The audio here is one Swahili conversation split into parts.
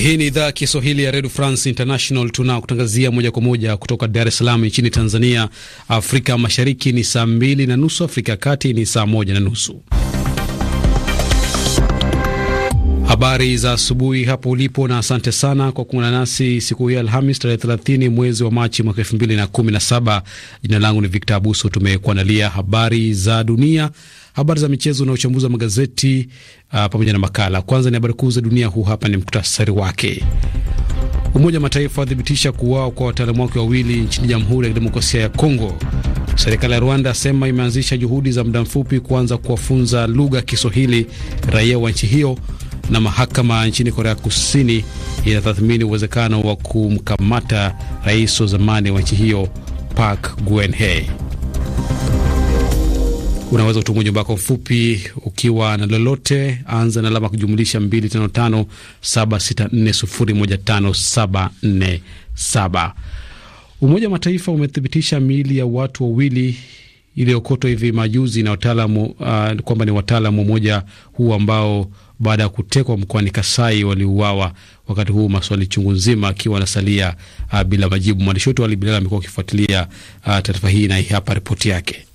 Hii ni idhaa ya Kiswahili ya Redio France International. Tunakutangazia moja kwa moja kutoka Dar es Salaam nchini Tanzania. Afrika Mashariki ni saa mbili na nusu, Afrika ya Kati ni saa moja na nusu. Habari za asubuhi hapo ulipo, na asante sana kwa kuungana nasi siku hii Alhamis tarehe 30 mwezi wa Machi mwaka saba. Jina langu ni Victor Abuso. Tumekuandalia habari za dunia habari za michezo na uchambuzi wa magazeti uh, pamoja na makala. Kwanza ni habari kuu za dunia, huu hapa ni mktasari wake. Umoja wa Mataifa wathibitisha kuuawa kwa wataalamu wake wawili nchini Jamhuri ya Kidemokrasia ya Kongo. Serikali ya Rwanda asema imeanzisha juhudi za muda mfupi kuanza kuwafunza lugha ya Kiswahili raia wa nchi hiyo. Na mahakama nchini Korea Kusini inatathmini uwezekano wa kumkamata rais wa zamani wa nchi hiyo Park Geun-hye. Unaweza kutuma ujumbe wako mfupi ukiwa na lolote, anza na alama kujumlisha 255764015747. Umoja wa Mataifa umethibitisha miili ya watu wawili iliyokotwa hivi majuzi na wataalamu uh, kwamba ni wataalamu mmoja huu ambao baada ya kutekwa mkoani Kasai waliuawa, wakati huu maswali chungu nzima akiwa anasalia uh, bila majibu. Mwandishi wetu Ali Bilal amekuwa akifuatilia uh, taarifa hii na hii hapa ripoti yake.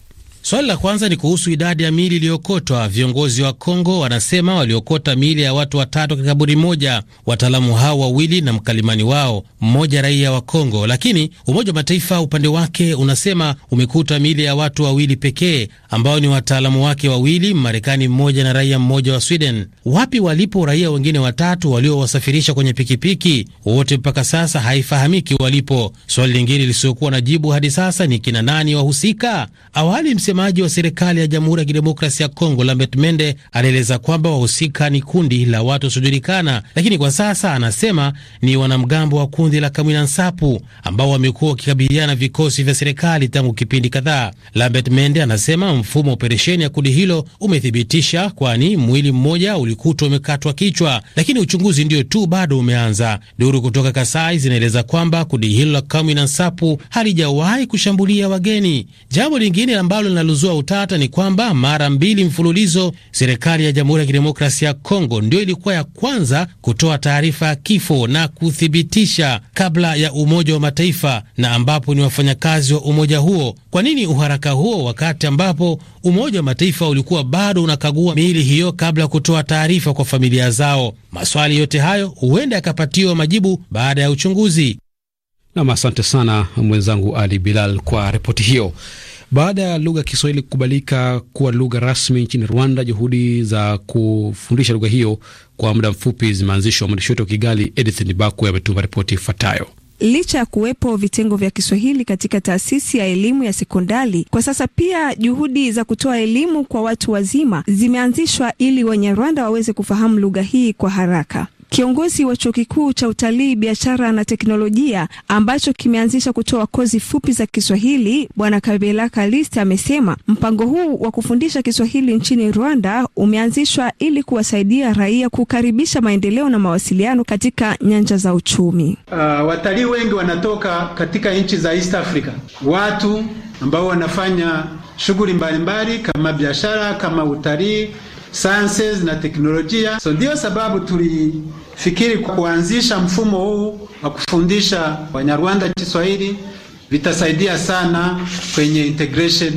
Swali la kwanza ni kuhusu idadi ya miili iliyokotwa. Viongozi wa Kongo wanasema waliokota miili ya watu watatu katika kaburi moja, wataalamu hao wawili na mkalimani wao, mmoja raia wa Kongo. Lakini Umoja wa Mataifa upande wake unasema umekuta miili ya watu wawili pekee ambao ni wataalamu wake wawili, Marekani mmoja na raia mmoja wa Sweden. Wapi walipo raia wengine watatu waliowasafirisha kwenye pikipiki? Wote mpaka sasa haifahamiki walipo. Swali lingine lisiokuwa na jibu hadi sasa ni kina nani wahusika? Awali msema msemaji wa serikali ya Jamhuri ya Kidemokrasia ya Kongo Lambert Mende anaeleza kwamba wahusika ni kundi la watu wasiojulikana, lakini kwa sasa anasema ni wanamgambo wa kundi la Kamwina Nsapu ambao wamekuwa wakikabiliana na vikosi vya serikali tangu kipindi kadhaa. Lambert Mende anasema mfumo wa operesheni ya kundi hilo umethibitisha, kwani mwili mmoja ulikutwa umekatwa kichwa, lakini uchunguzi ndio tu bado umeanza. Duru kutoka Kasai zinaeleza kwamba kundi hilo la Kamwina Nsapu halijawahi kushambulia wageni. Jambo lingine ambalo linalozua utata ni kwamba mara mbili mfululizo serikali ya Jamhuri ya Kidemokrasia ya Kongo ndio ilikuwa ya kwanza kutoa taarifa ya kifo na kuthibitisha kabla ya Umoja wa Mataifa na ambapo ni wafanyakazi wa umoja huo. Kwa nini uharaka huo wakati ambapo Umoja wa Mataifa ulikuwa bado unakagua miili hiyo kabla ya kutoa taarifa kwa familia zao? Maswali yote hayo huenda yakapatiwa majibu baada ya uchunguzi. Nam, asante sana mwenzangu Ali Bilal kwa ripoti hiyo. Baada ya lugha ya Kiswahili kukubalika kuwa lugha rasmi nchini Rwanda, juhudi za kufundisha lugha hiyo kwa muda mfupi zimeanzishwa. Mwandishi wetu wa Kigali, Edith Nibakwe, ametuma ripoti ifuatayo. Licha ya kuwepo vitengo vya Kiswahili katika taasisi ya elimu ya sekondari, kwa sasa pia juhudi za kutoa elimu kwa watu wazima zimeanzishwa ili Wanyarwanda waweze kufahamu lugha hii kwa haraka kiongozi wa chuo kikuu cha utalii, biashara na teknolojia ambacho kimeanzisha kutoa kozi fupi za Kiswahili, Bwana Kabela Kalist amesema mpango huu wa kufundisha Kiswahili nchini Rwanda umeanzishwa ili kuwasaidia raia kukaribisha maendeleo na mawasiliano katika nyanja za uchumi. Uh, watalii wengi wanatoka katika nchi za East Africa, watu ambao wanafanya shughuli mbalimbali kama biashara, kama utalii sciences na teknolojia. So ndiyo sababu tulifikiri kuanzisha mfumo huu wa kufundisha Wanyarwanda Kiswahili vitasaidia sana kwenye integration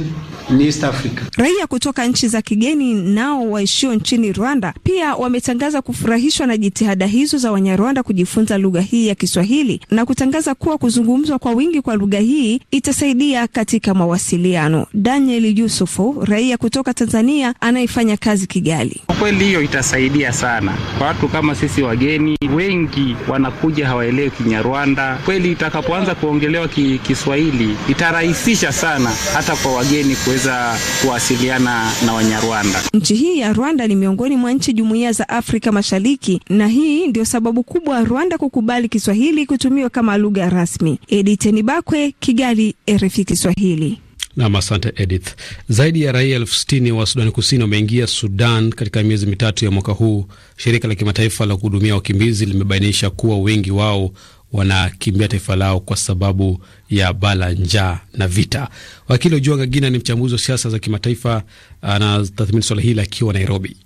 East Africa. Raia kutoka nchi za kigeni nao waishio nchini Rwanda pia wametangaza kufurahishwa na jitihada hizo za Wanyarwanda kujifunza lugha hii ya Kiswahili na kutangaza kuwa kuzungumzwa kwa wingi kwa lugha hii itasaidia katika mawasiliano. Daniel Yusufu, raia kutoka Tanzania anayefanya kazi Kigali. Kwa kweli hiyo itasaidia sana kwa watu kama sisi wageni wengi wanakuja hawaelewi Kinyarwanda. Kweli itakapoanza kuongelewa Kiswahili itarahisisha sana hata kwa wageni kwe kuweza kuwasiliana na Wanyarwanda. Nchi hii ya Rwanda ni miongoni mwa nchi jumuiya za Afrika Mashariki, na hii ndio sababu kubwa Rwanda kukubali Kiswahili kutumiwa kama lugha rasmi. Edith Nibakwe, Kigali, RFI Kiswahili. Nam, asante Edith. Zaidi ya raia elfu sitini wa Sudani Kusini wameingia Sudan katika miezi mitatu ya mwaka huu. Shirika la kimataifa la kuhudumia wakimbizi limebainisha kuwa wengi wao wanakimbia taifa lao kwa sababu ya bala njaa na vita. Wakili Ujuanga Gina ni mchambuzi wa siasa za kimataifa, anatathmini swala hili akiwa Nairobi.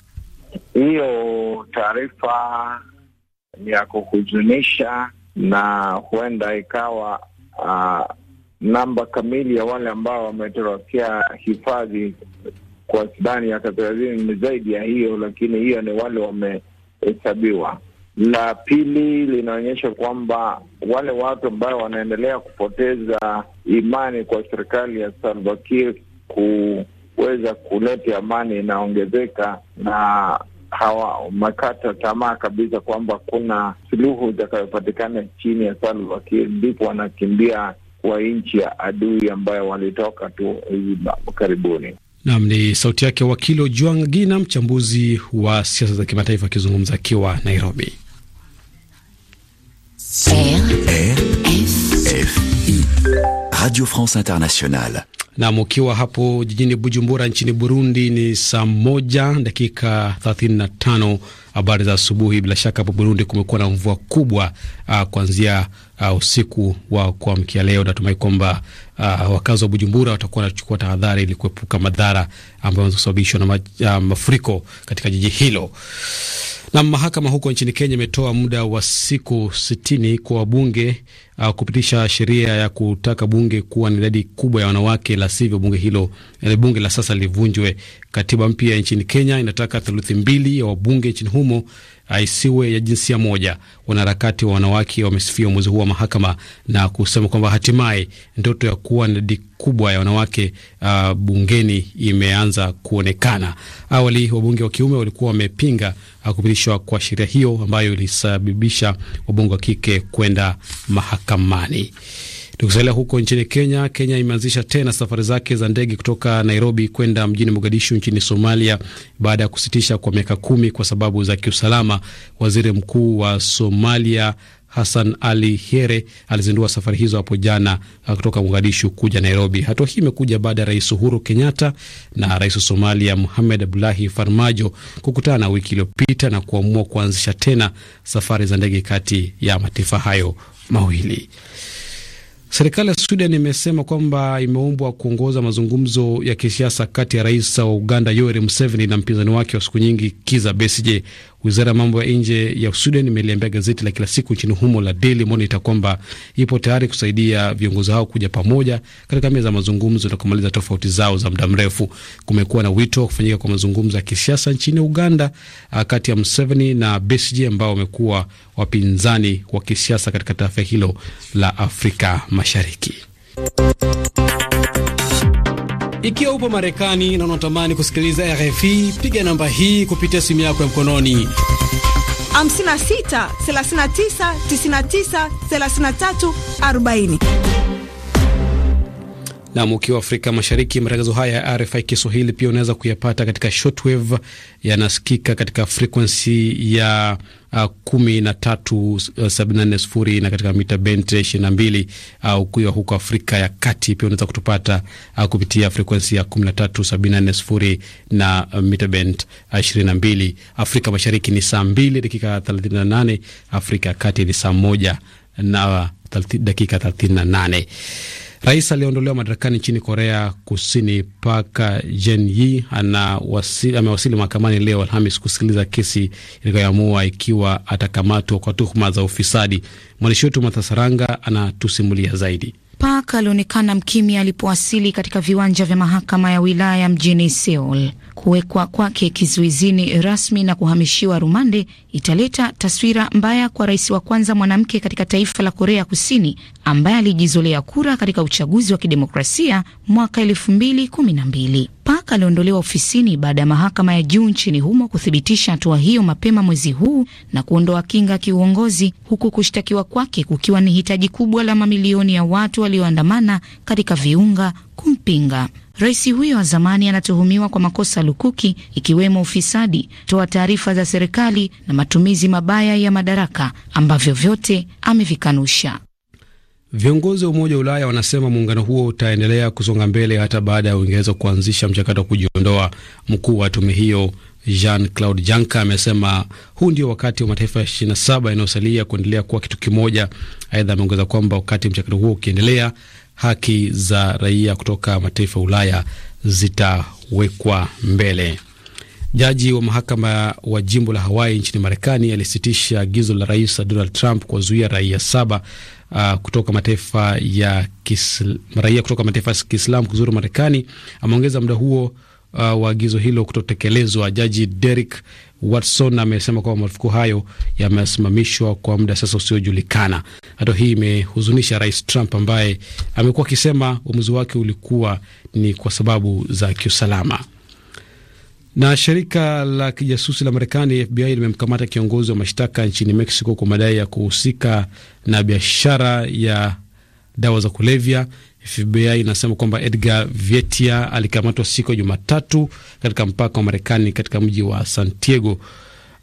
Hiyo taarifa ni ya kuhuzunisha na huenda ikawa uh, namba kamili ya wale ambao wametorokea hifadhi kwa Sudani ya kaskazini ni zaidi ya hiyo, lakini hiyo ni wale wamehesabiwa. La pili linaonyesha kwamba wale watu ambao wanaendelea kupoteza imani kwa serikali ya Salva Kiir kuweza kuleta amani inaongezeka na hawa wamekata tamaa kabisa kwamba kuna suluhu itakayopatikana chini ya Salva Kiir, ndipo wanakimbia kwa nchi ya adui ambayo walitoka tu hivi karibuni. Nam ni sauti yake wakili Ojwang Gina, mchambuzi wa siasa za kimataifa akizungumza akiwa Nairobi. I Radio France Internationale. Nam, ukiwa hapo jijini Bujumbura nchini Burundi ni saa moja dakika 35. Habari za asubuhi. Bila shaka hapo Burundi kumekuwa na mvua kubwa uh, kuanzia uh, usiku wa kuamkia leo. Natumai kwamba uh, wakazi wa Bujumbura watakuwa wanachukua tahadhari ili kuepuka madhara ambayo yanaweza kusababishwa na uh, mafuriko katika jiji hilo. Na mahakama huko nchini Kenya imetoa muda wa siku sitini kwa wabunge uh, kupitisha sheria ya kutaka bunge kuwa na idadi kubwa ya wanawake, la sivyo bunge hilo eh, bunge la sasa livunjwe. Katiba mpya nchini Kenya inataka theluthi mbili ya wabunge nchini humo isiwe ya jinsia moja. Wanaharakati wa wanawake wamesifia uamuzi huu wa mahakama na kusema kwamba hatimaye ndoto ya kuwa na idadi kubwa ya wanawake uh, bungeni imeanza kuonekana. Awali wabunge wa kiume walikuwa wamepinga uh, kupitishwa kwa sheria hiyo ambayo ilisababisha wabunge wa kike kwenda mahakamani. Tukisalia huko nchini Kenya, Kenya imeanzisha tena safari zake za ndege kutoka Nairobi kwenda mjini Mogadishu nchini Somalia baada ya kusitisha kwa miaka kumi kwa sababu za kiusalama. Waziri Mkuu wa Somalia Hassan Ali Here alizindua safari hizo hapo jana uh, kutoka Mogadishu kuja Nairobi. Hatua hii imekuja baada ya Rais Uhuru Kenyatta na rais wa Somalia Muhamed Abdullahi Farmajo kukutana wiki iliyopita na kuamua kuanzisha tena safari za ndege kati ya mataifa hayo mawili. Serikali ya Sweden imesema kwamba imeombwa kuongoza mazungumzo ya kisiasa kati ya rais wa Uganda Yoweri Museveni na mpinzani wake wa siku nyingi Kiza Besije. Wizara ya mambo ya nje ya Sudan imeliambia gazeti la kila siku nchini humo la Daily Monitor kwamba ipo tayari kusaidia viongozi hao kuja pamoja katika meza ya mazungumzo na kumaliza tofauti zao za muda mrefu. Kumekuwa na wito wa kufanyika kwa mazungumzo ya kisiasa nchini Uganda ah, kati ya Museveni na Besigye ambao wamekuwa wapinzani wa kisiasa katika taifa hilo la Afrika Mashariki. Ikiwa upo Marekani na unatamani kusikiliza RFI, piga namba hii kupitia simu yako ya mkononi 56 39 99 33 40 na mkiwa Afrika Mashariki, matangazo haya ya RFI Kiswahili pia unaweza kuyapata katika shortwave, yanasikika katika frekuensi ya uh, kumi na tatu uh, sabini na nne sufuri na katika mita bente ishirini na mbili au ukiwa huko Afrika ya Kati pia unaweza kutupata uh, kupitia frekuensi ya kumi na tatu sabini na nne sufuri na mita bent uh, ishirini na mbili. Afrika Mashariki ni saa mbili dakika thelathini na nane Afrika ya Kati ni saa moja na dakika thelathini na nane. Rais aliyeondolewa madarakani nchini Korea Kusini Park Geun-hye amewasili mahakamani leo Alhamis kusikiliza kesi itakayoamua ikiwa atakamatwa kwa tuhuma za ufisadi. Mwandishi wetu Matha Saranga anatusimulia zaidi. Park alionekana mkimya alipowasili katika viwanja vya mahakama ya wilaya mjini Seoul. Kuwekwa kwake kizuizini rasmi na kuhamishiwa rumande italeta taswira mbaya kwa rais wa kwanza mwanamke katika taifa la Korea Kusini ambaye alijizolea kura katika uchaguzi wa kidemokrasia mwaka mbili. Park aliondolewa ofisini baada ya mahakama ya juu nchini humo kuthibitisha hatua hiyo mapema mwezi huu na kuondoa kinga ya kiuongozi, huku kushtakiwa kwake kukiwa ni hitaji kubwa la mamilioni ya watu walioandamana katika viunga kumpinga. Rais huyo wa zamani anatuhumiwa kwa makosa lukuki ikiwemo ufisadi, toa taarifa za serikali na matumizi mabaya ya madaraka ambavyo vyote amevikanusha. Viongozi wa Umoja wa Ulaya wanasema muungano huo utaendelea kusonga mbele hata baada ya Uingereza kuanzisha mchakato wa kujiondoa. Mkuu wa tume hiyo Jean Claude Juncker amesema huu ndio wakati wa mataifa ya 27 yanayosalia kuendelea kuwa kitu kimoja. Aidha, ameongeza kwamba wakati mchakato huo ukiendelea, haki za raia kutoka mataifa ya Ulaya zitawekwa mbele. Jaji wa mahakama wa jimbo la Hawaii nchini Marekani alisitisha agizo la rais Donald Trump kuwazuia raia saba uh, kutoka mataifa ya raia kutoka mataifa ya Kiislamu kuzuru Marekani. Ameongeza muda huo uh, wa agizo hilo kutotekelezwa. Jaji Derek Watson amesema kwamba marufuku hayo yamesimamishwa kwa muda sasa usiojulikana. hato hii imehuzunisha Rais Trump ambaye amekuwa akisema uamuzi wake ulikuwa ni kwa sababu za kiusalama. Na shirika la kijasusi la Marekani FBI limemkamata kiongozi wa mashtaka nchini Mexico kwa madai ya kuhusika na biashara ya dawa za kulevya. FBI inasema kwamba Edgar Vietia alikamatwa siku ya Jumatatu katika mpaka wa Marekani katika mji wa Santiago.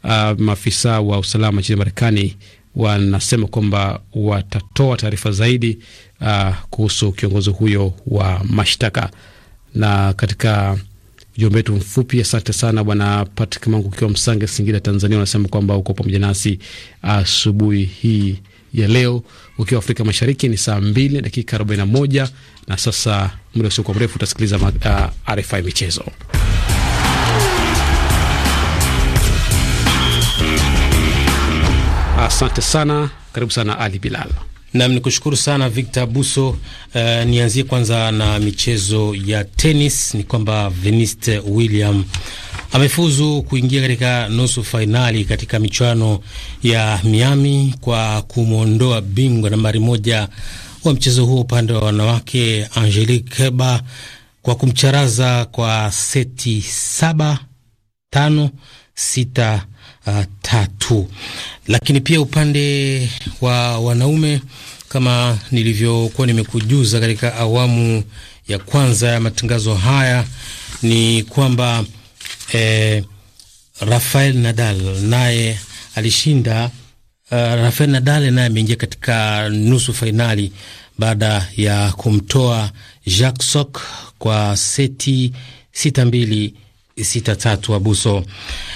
Uh, maafisa wa usalama nchini Marekani wanasema kwamba watatoa taarifa zaidi uh, kuhusu kiongozi huyo wa mashtaka. Na katika ujumbe wetu mfupi, asante sana Bwana Patrick Mangu ukiwa Msange, Singida, Tanzania, wanasema kwamba uko pamoja nasi uh, asubuhi uh, hii ya leo ukiwa Afrika Mashariki ni saa 2 dakika 41, na sasa muda usiokuwa mrefu utasikiliza uh, ah, RFI michezo. Asante sana, karibu sana Ali Bilal. Nam ni kushukuru sana Victor buso Uh, eh, nianzie kwanza na michezo ya tenis. Ni kwamba Veniste William amefuzu kuingia katika nusu fainali katika michuano ya Miami kwa kumwondoa bingwa nambari moja wa mchezo huo upande wa wanawake Angelique Kerber kwa kumcharaza kwa seti saba tano sita uh, tatu. Lakini pia upande wa wanaume kama nilivyokuwa nimekujuza katika awamu ya kwanza ya matangazo haya ni kwamba eh, Rafael Nadal naye alishinda. Uh, Rafael Nadal naye ameingia katika nusu fainali baada ya kumtoa Jacques Sock kwa seti sita mbili sita tatu Abuso.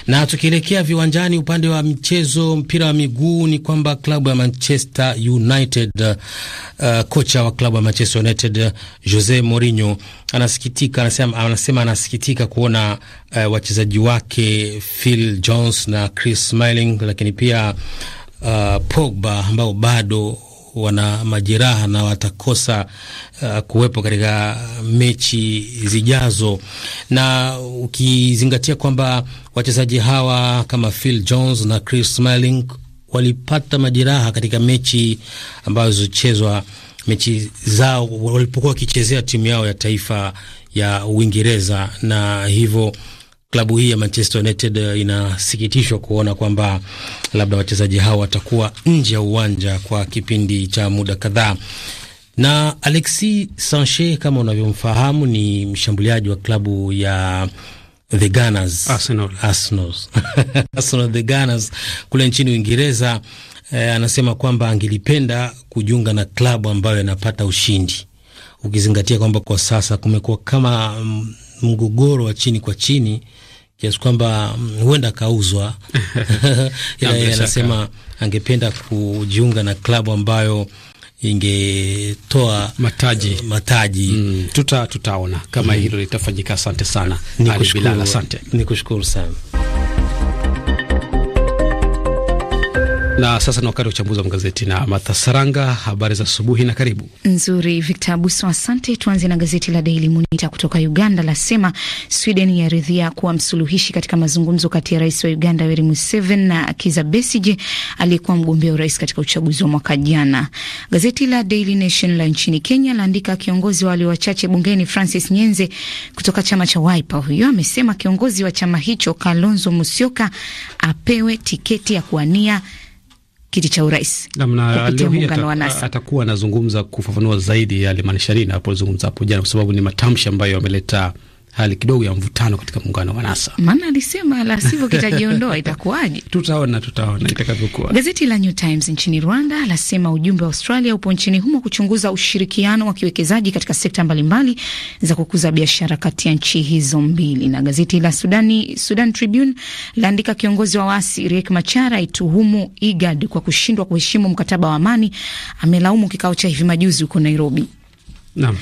Na tukielekea viwanjani, upande wa michezo mpira wa miguu ni kwamba klabu ya Manchester United uh, kocha wa klabu ya Manchester United Jose Mourinho anasikitika, anasema, anasema anasikitika kuona uh, wachezaji wake Phil Jones na Chris Smalling, lakini pia uh, Pogba ambao bado wana majeraha na watakosa uh, kuwepo katika mechi zijazo, na ukizingatia kwamba wachezaji hawa kama Phil Jones na Chris Smalling walipata majeraha katika mechi ambazo zilichezwa mechi zao walipokuwa wakichezea timu yao ya taifa ya Uingereza na hivyo klabu hii ya Manchester United eh, inasikitishwa kuona kwamba labda wachezaji hao watakuwa nje ya uwanja kwa kipindi cha muda kadhaa. Na Alexis Sanchez kama unavyomfahamu ni mshambuliaji wa klabu ya The Gunners, Arsenal, Arsenal. Arsenal The Gunners kule nchini Uingereza. Eh, anasema kwamba angelipenda kujiunga na klabu ambayo inapata ushindi, ukizingatia kwamba kwa sasa kumekuwa kama mm, mgogoro wa chini kwa chini kiasi kwamba mm, huenda akauzwa. Yeye anasema angependa kujiunga na klabu ambayo ingetoa mataji, uh, mataji. Mm, tuta tutaona kama mm, hilo litafanyika. Asante sana, nikushukuru sana. Na sasa ni wakati wa uchambuzi wa magazeti na Martha Saranga. Habari za asubuhi na karibu. Nzuri Victor Abuso, asante. Tuanze na gazeti la Daily Monitor kutoka Uganda lasema Sweden yaridhia kuwa msuluhishi katika mazungumzo kati ya rais wa Uganda Yoweri Museveni na Kizza Besigye aliyekuwa mgombea urais katika uchaguzi wa mwaka jana. Gazeti la Daily Nation la nchini Kenya laandika kiongozi wa walio wachache bungeni Francis Nyenze kutoka chama cha Wiper, huyo amesema kiongozi wa chama hicho Kalonzo Musyoka apewe tiketi ya kuwania kiti cha urais kupitia muungano wa NASA. Atakuwa anazungumza kufafanua zaidi yale manishari na alipozungumza hapo jana, kwa sababu ni matamshi ambayo ameleta hali kidogo ya mvutano katika muungano wa NASA, maana alisema la sivyo kitajiondoa itakuwaje? Tutaona, tutaona itakavyokuwa. Gazeti la New Times nchini Rwanda lasema ujumbe wa Australia upo nchini humo kuchunguza ushirikiano wa kiwekezaji katika sekta mbalimbali za kukuza biashara kati ya nchi hizo mbili. Na gazeti la Sudani, Sudan Tribune laandika kiongozi wa waasi Riek Machar aituhumu IGAD kwa kushindwa kuheshimu mkataba wa amani. Amelaumu kikao cha hivi majuzi huko Nairobi. Naam.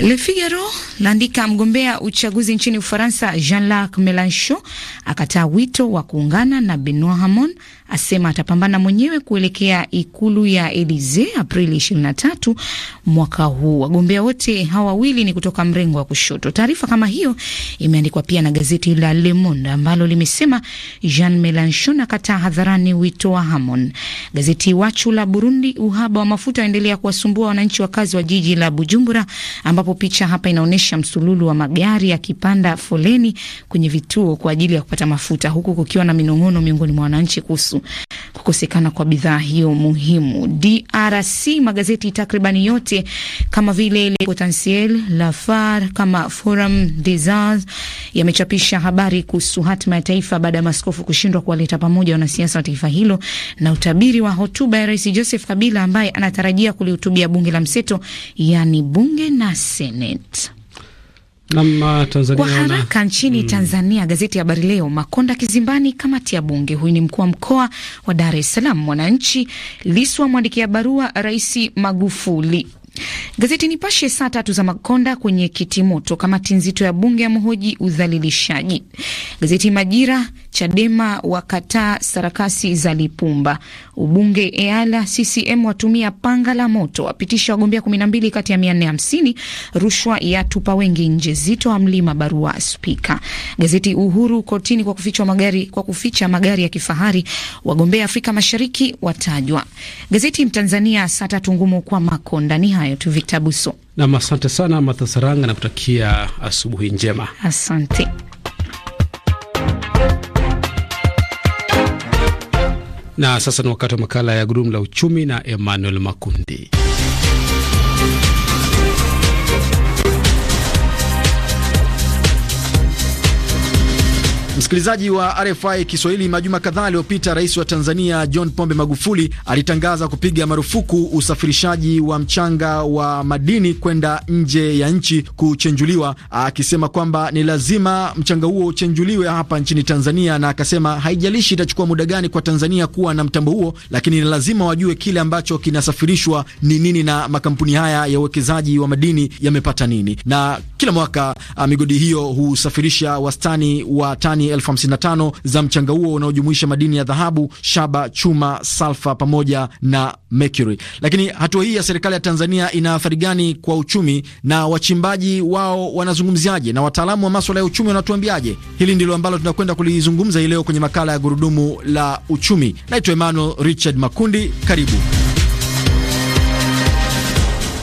Le Figaro laandika mgombea uchaguzi nchini Ufaransa Jean-Luc Melenchon akataa wito wa kuungana na Benoit Hamon asema atapambana mwenyewe kuelekea ikulu ya Elize Aprili 23 mwaka huu. Wagombea wote hawa wawili ni kutoka mrengo wa kushoto. Taarifa kama hiyo imeandikwa pia na gazeti la Le Monde ambalo limesema Jean Melanchon akataa hadharani wito wa Hamon. Gazeti Wachu la Burundi, uhaba wa mafuta waendelea kuwasumbua wananchi wakazi wa jiji la Bujumbura, ambapo picha hapa inaonyesha msululu wa magari yakipanda foleni kwenye vituo kwa ajili ya kupata mafuta, huku kukiwa na minong'ono miongoni mwa wananchi kuhusu kukosekana kwa bidhaa hiyo muhimu. DRC magazeti takribani yote kama vile Le Potentiel, La kama Forum des As yamechapisha habari kuhusu hatima ya taifa baada ya maskofu kushindwa kuwaleta pamoja wanasiasa wa taifa hilo na utabiri wa hotuba ya Rais Joseph Kabila ambaye anatarajia kulihutubia bunge la mseto, yaani bunge na Senate. Uh, Kwa haraka nchini mm, Tanzania, gazeti ya Habari Leo, Makonda kizimbani kamati ya Bunge. Huyu ni mkuu wa mkoa wa Dar es Salaam. Mwananchi, liswa mwandikia barua Rais Magufuli. Gazeti Nipashe saa tatu za Makonda kwenye kitimoto, kamati nzito ya bunge ya mhoji udhalilishaji. Gazeti Majira Chadema wakataa sarakasi za Lipumba. Ubunge EALA CCM watumia panga la moto, wapitisha wagombea 12 kati ya 450. Rushwa ya tupa wengi nje, Zito wa mlima barua spika. Gazeti Uhuru kotini kwa kuficha magari, kwa kuficha magari ya kifahari. Wagombea Afrika Mashariki watajwa. Gazeti Mtanzania sata tatu kwa Makonda. Ni hayo tu, Victor Buso nam. Asante sana Mathasaranga, nakutakia asubuhi njema. Asante. Na sasa ni wakati wa makala ya gurudumu la uchumi na Emmanuel Makundi. Msikilizaji wa RFI Kiswahili, majuma kadhaa aliyopita, rais wa Tanzania John Pombe Magufuli alitangaza kupiga marufuku usafirishaji wa mchanga wa madini kwenda nje ya nchi kuchenjuliwa, akisema kwamba ni lazima mchanga huo uchenjuliwe hapa nchini Tanzania, na akasema haijalishi itachukua muda gani kwa Tanzania kuwa na mtambo huo, lakini ni lazima wajue kile ambacho kinasafirishwa ni nini na makampuni haya ya uwekezaji wa madini yamepata nini. Na kila mwaka ah, migodi hiyo husafirisha wastani wa tani elfu hamsini na tano za mchanga huo unaojumuisha madini ya dhahabu, shaba, chuma, salfa pamoja na mercury. Lakini hatua hii ya serikali ya Tanzania ina athari gani kwa uchumi na wachimbaji wao wanazungumziaje, na wataalamu wa maswala ya uchumi wanatuambiaje? Hili ndilo ambalo tunakwenda kulizungumza hii leo kwenye makala ya gurudumu la uchumi. Naitwa Emmanuel Richard Makundi, karibu.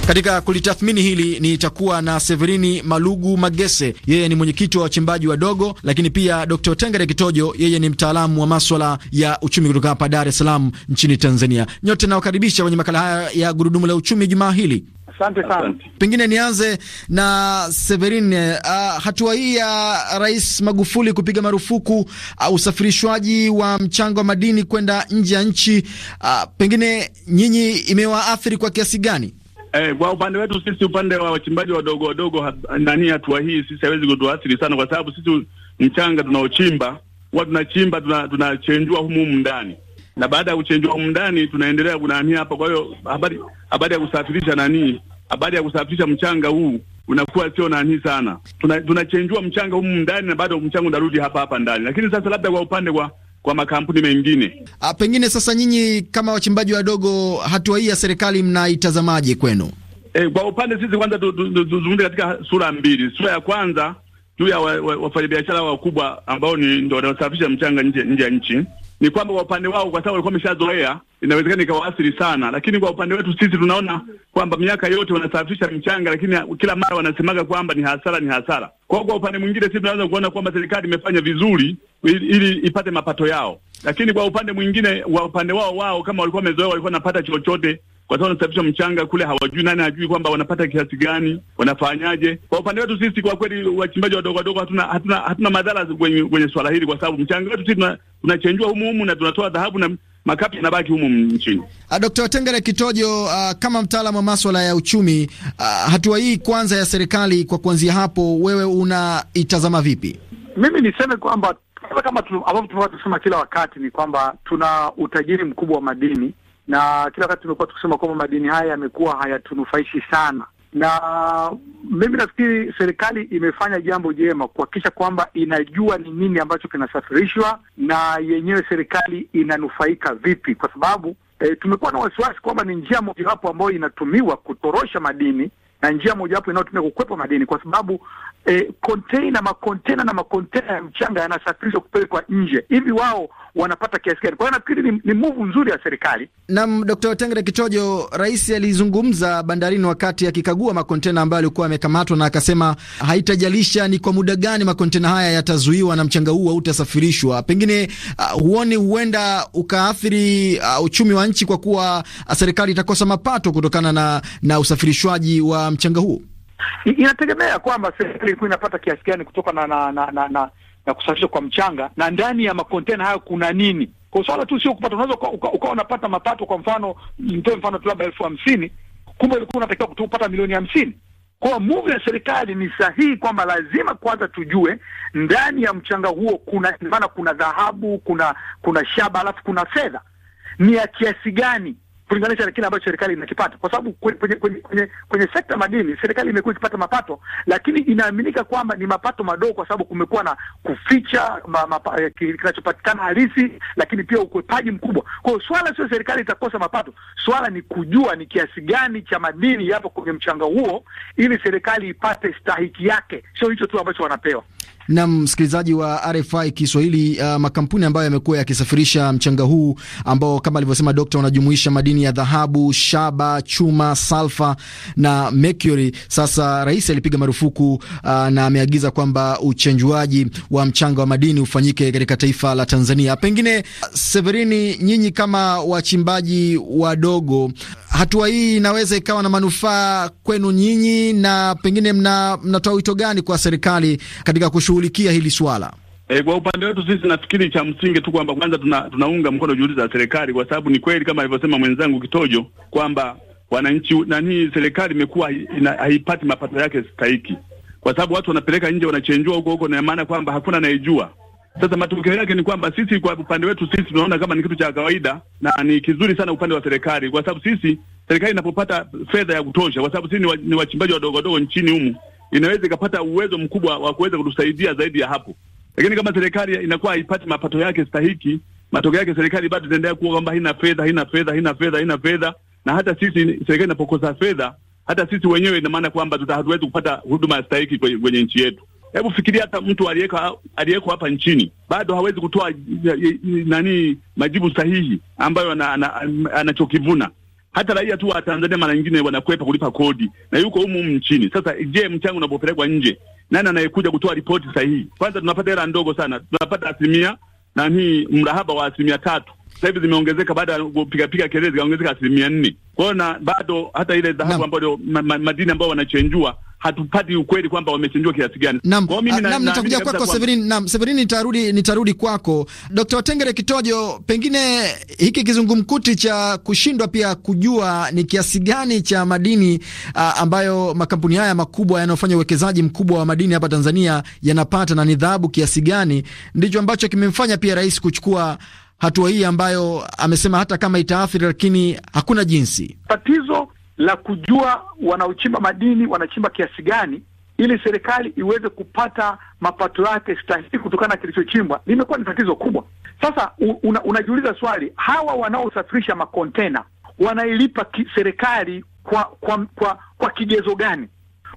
Katika kulitathmini hili nitakuwa na Severini Malugu Magese, yeye ni mwenyekiti wa wachimbaji wadogo, lakini pia Dr. Tengere Kitojo, yeye ni mtaalamu wa maswala ya uchumi kutoka hapa Dar es Salaam nchini Tanzania. Nyote nawakaribisha kwenye makala haya ya gurudumu la uchumi jumaa hili. Asante sana. Pengine nianze na Severin. Uh, hatua hii ya Rais Magufuli kupiga marufuku uh, usafirishwaji wa mchango wa madini kwenda nje ya nchi, uh, pengine nyinyi imewaathiri kwa kiasi gani? Eh, kwa upande wetu sisi, upande wa wachimbaji wadogo wadogo, nani, hatua hii sisi hawezi kutuathiri sana, kwa sababu sisi mchanga tunaochimba huwa tunachimba tunachenjua, tuna humu humu ndani, na baada ya kuchenjua humu ndani tunaendelea kunani hapa. Kwa hiyo habari habari ya kusafirisha nani, habari ya kusafirisha mchanga huu unakuwa sio nani sana, tunachenjua tuna mchanga humu ndani, na bado mchanga unarudi hapa hapa ndani. Lakini sasa labda kwa upande kwa kwa makampuni mengine. A, ah, pengine sasa nyinyi kama wachimbaji wadogo hatua hii ya serikali mnaitazamaje kwenu? E, kwa upande sisi kwanza tuzungumze katika sura mbili. Sura ya kwanza juu ya wafanyabiashara wa, wakubwa ambao ni ndio wanaosafisha mchanga nje ya nchi ni kwamba kwa upande wao, kwa sababu walikuwa wameshazoea, inawezekana ikawaathiri sana, lakini kwa upande wetu sisi tunaona kwamba miaka yote wanasafisha mchanga, lakini kila mara wanasemaga kwamba ni hasara, ni hasara kwao. Kwa upande mwingine, sisi tunaweza kuona kwamba serikali imefanya vizuri ili ipate mapato yao, lakini kwa upande mwingine, kwa upande wao wao, kama walikuwa wamezoea, walikuwa wanapata chochote kwa sababu wanasafisha mchanga kule, hawajui nani ajui kwamba wanapata kiasi gani, wanafanyaje. Kwa upande wetu sisi, kwa kweli, wachimbaji wadogo wadogo hatuna hatuna, hatuna madhara kwenye, kwenye swala hili, kwa sababu mchanga wetu sisi tunachenjua humu humu na tunatoa dhahabu na makapi yanabaki humu nchini. Ah, Dkt. Tengere Kitojo, uh, kama mtaalamu wa maswala ya uchumi, uh, hatua hii kwanza ya serikali kwa kuanzia hapo, wewe unaitazama vipi? Mimi niseme kwamba kama ambavyo tumekuwa tukisema kila wakati ni kwamba tuna utajiri mkubwa wa madini na kila wakati tumekuwa tukisema kwamba madini haya yamekuwa hayatunufaishi sana, na mimi nafikiri serikali imefanya jambo jema kuhakikisha kwamba inajua ni nini ambacho kinasafirishwa na yenyewe serikali inanufaika vipi, kwa sababu E, tumekuwa na wasiwasi kwamba ni njia mojawapo ambayo inatumiwa kutorosha madini na njia mojawapo inayotumia kukwepa madeni kwa sababu eh, container makontena na makontena ya mchanga yanasafirishwa kupelekwa nje. Hivi wao wanapata kiasi gani? Kwa hiyo nafikiri ni, ni muvu nzuri ya serikali. Naam, Dkt. Tengere Kichojo, rais alizungumza bandarini wakati akikagua makontena ambayo alikuwa amekamatwa, na akasema haitajalisha ni kwa muda gani makontena haya yatazuiwa na mchanga huu hautasafirishwa. Pengine uh, huoni huenda ukaathiri uh, uchumi wa nchi kwa kuwa ah, serikali itakosa mapato kutokana na, na usafirishwaji wa mchanga huo? Inategemea kwamba serikali ilikuwa inapata kiasi gani kutoka na na, na, na, na, na kusafishwa kwa mchanga na ndani ya makontena hayo kuna nini. Kwa swala tu sio kupata, unaweza ukawa uka unapata mapato, kwa mfano nitoe mfano tu labda elfu hamsini kumbe ulikuwa unatakiwa kupata milioni hamsini. Kwa muvu ya serikali ni sahihi kwamba lazima kwanza tujue ndani ya mchanga huo kuna maana, kuna dhahabu, kuna kuna shaba, alafu kuna fedha ni ya kiasi gani kulinganisha na kile ambacho serikali inakipata, kwa sababu kwenye, kwenye, kwenye, kwenye sekta madini serikali imekuwa ikipata mapato, lakini inaaminika kwamba ni mapato madogo, kwa sababu kumekuwa na kuficha eh, kinachopatikana halisi, lakini pia ukwepaji mkubwa. Kwa hiyo swala sio serikali itakosa mapato, swala ni kujua ni kiasi gani cha madini yapo kwenye mchanga huo, ili serikali ipate stahiki yake, sio hicho tu ambacho wanapewa. Na msikilizaji wa RFI Kiswahili, uh, makampuni ambayo yamekuwa yakisafirisha mchanga huu ambao kama alivyosema dokta unajumuisha madini ya dhahabu, shaba, chuma, salfa na mercury. Sasa rais alipiga marufuku uh, na ameagiza kwamba uchenjuaji wa mchanga wa madini ufanyike katika taifa la Tanzania. Pengine Severini, nyinyi kama wachimbaji wadogo, hatua hii inaweza ikawa na manufaa kwenu nyinyi, na pengine mnatoa mna wito gani kwa serikali katika kushu kushughulikia hili swala? E, kwa upande wetu sisi nafikiri cha msingi tu kwamba kwanza tuna, tunaunga mkono juhudi za serikali kwa sababu ni kweli kama alivyosema mwenzangu Kitojo kwamba wananchi nani, serikali imekuwa haipati mapato yake stahiki, kwa sababu watu wanapeleka nje, wanachenjua huko huko, na maana kwamba hakuna anayejua. Sasa matokeo yake ni kwamba sisi kwa upande wetu sisi tunaona kama ni kitu cha kawaida na ni kizuri sana upande wa serikali, kwa sababu sisi serikali inapopata fedha ya kutosha, kwa sababu sisi ni, wachimbaji wadogo wadogo nchini humu inaweza ikapata uwezo mkubwa wa kuweza kutusaidia zaidi ya hapo. Lakini kama serikali inakuwa haipati mapato yake stahiki, matokeo yake serikali bado itaendelea kuwa kwamba haina fedha, haina fedha, haina fedha, haina fedha. Na hata sisi serikali inapokosa fedha, hata sisi wenyewe, ina maana kwamba hatuwezi kupata huduma stahiki kwenye nchi yetu. Hebu fikiria hata mtu aliyeko hapa nchini bado hawezi kutoa nani majibu sahihi ambayo anachokivuna hata raia tu wa Tanzania mara nyingine wanakwepa kulipa kodi na yuko humu nchini. Sasa je, mchango unapopelekwa nje, nani anayekuja kutoa ripoti sahihi? Kwanza tunapata hela ndogo sana, tunapata asilimia nani, mrahaba wa asilimia tatu sasa hivi zimeongezeka baada ya kupigapiga kelele zikaongezeka asilimia nne. kwao, na bado hata ile dhahabu ambayo madini ambayo wanachenjua hatupati ukweli kwamba wamechinjwa kiasi gani. Naam, ah, nitakuja kwako Severini. Naam, Severini, nitarudi nitarudi kwako Dr. Watengere Kitojo, pengine hiki kizungumkuti cha kushindwa pia kujua ni kiasi gani cha madini a, ah, ambayo makampuni haya makubwa yanayofanya uwekezaji mkubwa wa madini hapa Tanzania yanapata na ni dhahabu kiasi gani, ndicho ambacho kimemfanya pia rais kuchukua hatua hii ambayo amesema hata kama itaathiri, lakini hakuna jinsi. Tatizo la kujua wanaochimba madini wanachimba kiasi gani ili serikali iweze kupata mapato yake stahiki kutokana na kilichochimbwa limekuwa ni tatizo kubwa. Sasa una, unajiuliza swali, hawa wanaosafirisha makontena wanailipa serikali kwa, kwa, kwa, kwa kigezo gani?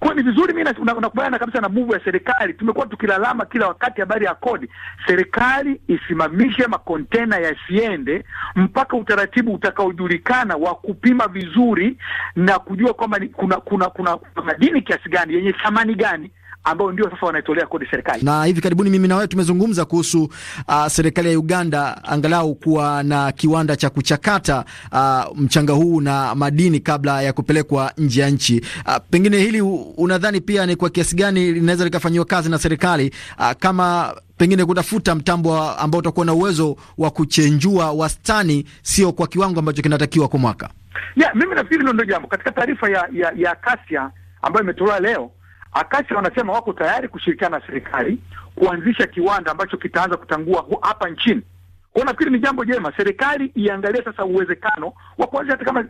Kwa ni vizuri, mimi nakubaliana kabisa na muvu ya serikali. Tumekuwa tukilalama kila wakati habari ya kodi. Serikali isimamishe makontena yasiende mpaka utaratibu utakaojulikana wa kupima vizuri na kujua kwamba kuna kuna kuna madini kiasi gani yenye thamani gani ambao ndio sasa wanaitolea kodi serikali. Na hivi karibuni mimi na wewe tumezungumza kuhusu uh, serikali ya Uganda angalau kuwa na kiwanda cha kuchakata uh, mchanga huu na madini kabla ya kupelekwa nje ya nchi. Uh, pengine hili unadhani pia ni kwa kiasi gani linaweza likafanyiwa kazi na serikali uh, kama pengine kutafuta mtambo ambao utakuwa na uwezo wa kuchenjua wastani, sio kwa kiwango ambacho kinatakiwa kwa mwaka. Yeah, mimi nafikiri ndio jambo katika taarifa ya, ya, ya Kasia ambayo imetolewa leo akasi wanasema wako tayari kushirikiana na serikali kuanzisha kiwanda ambacho kitaanza kutangua hapa nchini. Kwa nafikiri ni jambo jema, serikali iangalie sasa uwezekano wa kuanzisha, hata kama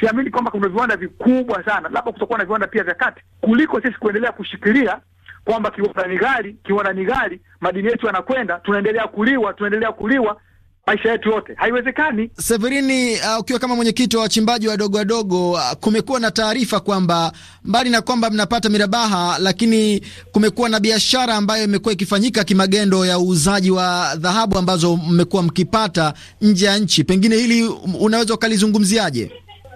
siamini kwamba kuna viwanda vikubwa sana, labda kutakuwa na viwanda pia vya kati, kuliko sisi kuendelea kushikilia kwamba kiwanda ni ghali, kiwanda ni ghali, madini yetu yanakwenda, tunaendelea kuliwa, tunaendelea kuliwa maisha yetu yote, haiwezekani. Severini, uh, ukiwa kama mwenyekiti wa wachimbaji wadogo wadogo, uh, kumekuwa na taarifa kwamba mbali na kwamba mnapata mirabaha, lakini kumekuwa na biashara ambayo imekuwa ikifanyika kimagendo ya uuzaji wa dhahabu ambazo mmekuwa mkipata nje ya nchi. Pengine hili unaweza ukalizungumziaje?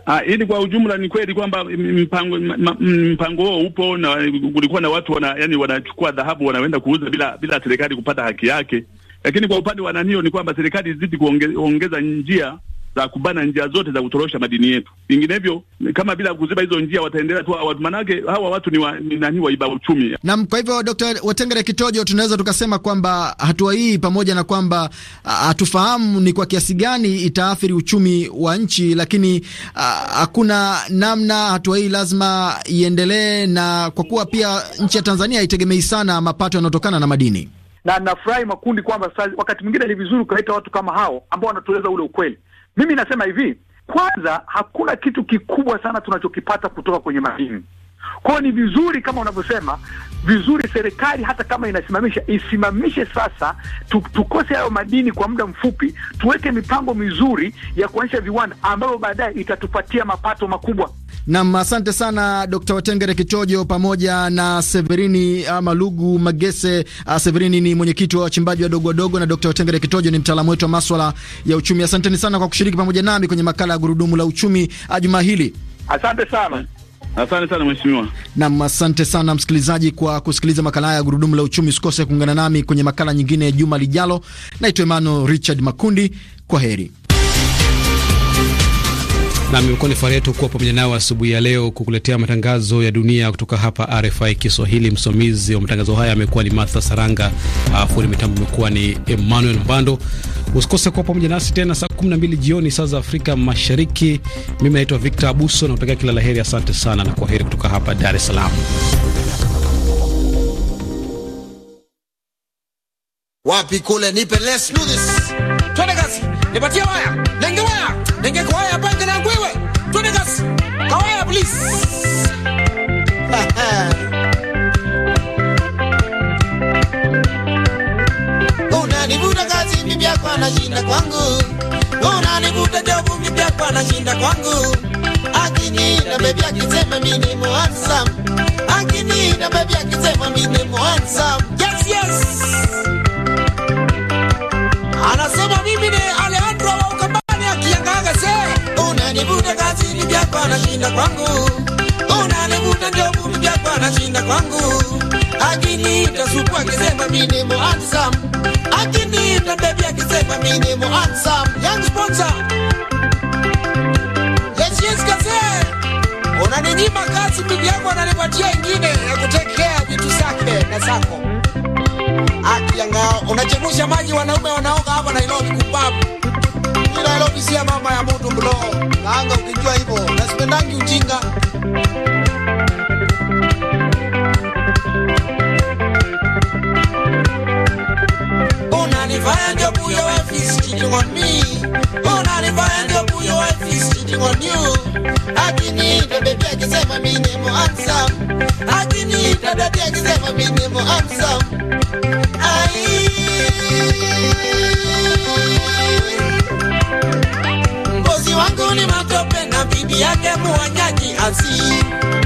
Ah, ili kwa ujumla ni kweli kwamba mpango mpango huo upo na kulikuwa na watu wana, yani wanachukua dhahabu wanaenda kuuza bila bila serikali kupata haki yake lakini kwa upande wa nanio ni kwamba serikali izidi kuongeza njia za kubana njia zote za kutorosha madini yetu, vinginevyo kama bila kuziba hizo njia wataendelea tu watu, manake hawa watu ni, wa, ni nani waiba uchumi. Naam, kwa hivyo Dkt. Wetengere Kitojo, tunaweza tukasema kwamba hatua hii pamoja na kwamba hatufahamu ni kwa kiasi gani itaathiri uchumi wa nchi, lakini hakuna namna, hatua hii lazima iendelee, na kwa kuwa pia nchi ya Tanzania haitegemei sana mapato yanayotokana na madini na nafurahi Makundi kwamba wakati mwingine ni vizuri ukaita watu kama hao ambao wanatueleza ule ukweli. Mimi nasema hivi, kwanza hakuna kitu kikubwa sana tunachokipata kutoka kwenye madini. Kwa hiyo ni vizuri kama unavyosema vizuri, serikali hata kama inasimamisha isimamishe sasa, tukose hayo madini kwa muda mfupi, tuweke mipango mizuri ya kuonyesha viwanda ambavyo baadaye itatupatia mapato makubwa. Nam, asante sana Dkt. Watengere Kichojo pamoja na Severini ah, Malugu Magese. Ah, Severini ni mwenyekiti wa wachimbaji wadogo wadogo na Dkt. Watengere Kichojo ni mtaalamu wetu wa maswala ya uchumi. Asanteni sana kwa kushiriki pamoja nami kwenye makala ya gurudumu la uchumi ah, juma hili. Asante sana. Asante sana mheshimiwa. Naam, asante sana msikilizaji kwa kusikiliza makala haya ya gurudumu la uchumi. Usikose kuungana nami kwenye makala nyingine ya juma lijalo. Naitwa Emmanuel Richard Makundi, kwa heri na imekuwa ni fahari yetu kuwa pamoja nao asubuhi ya leo kukuletea matangazo ya dunia kutoka hapa RFI Kiswahili. Msimamizi wa matangazo haya amekuwa ni Martha Saranga, ah, fundi mitambo amekuwa ni Emmanuel Mbando. Usikose kuwa pamoja nasi tena saa 12 jioni saa za Afrika Mashariki. Mimi naitwa Victor Abuso na kutakia kila la heri. Asante sana na kwa heri kutoka hapa Dar es Salaam. Wapi kule, nipe let's do this, twende nipatie waya, waya, kwa waya, pana kwangu, unanikuta jovu mipya pana kwangu, akinina bebi akisema mimi ni handsome, akinina bebi akisema mimi ni handsome, yes yes, anasema mimi ni Alejandro wa Ukambani akiangaga se, unanivuta kazini mipya pana shinda kwangu, unanivuta jovu mipya pana shinda kwangu akiniita supu akisema mimi ni handsome, akiniita baby akisema mimi ni handsome. Young sponsor yes Let's Gazelle, unaninyima kazi, bibi yangu ananipatia ingine ya kutekea vitu zake na zako. Akianga unachemusha maji, wanaume wanaoga hapa Nairobi kubabu Nairobi si ya mama ya mtu bro. Kaanga ukijua hivyo, nasipendangi ujinga. I end up with your wife is cheating on me. Oh, now if I end up your wife is cheating on you. I can eat the baby, I can say my name or handsome. I can eat the baby, I can say my name or handsome. I Ngozi wangu ni matope na bibi yake muwanyaji asii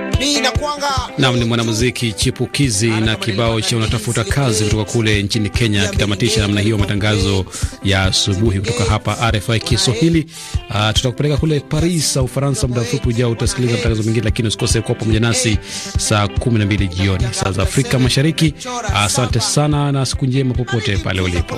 Nam ni mwanamuziki chipukizi na kibao cha unatafuta kazi kutoka kule nchini Kenya, akitamatisha namna hiyo matangazo ya asubuhi kutoka hapa RFI Kiswahili. Uh, tutakupeleka kule Paris au Ufaransa muda mfupi ujao, utasikiliza matangazo mengine, lakini usikose kuwa pamoja nasi saa 12 jioni saa za Afrika Mashariki. Asante uh, sana na siku njema popote pale ulipo.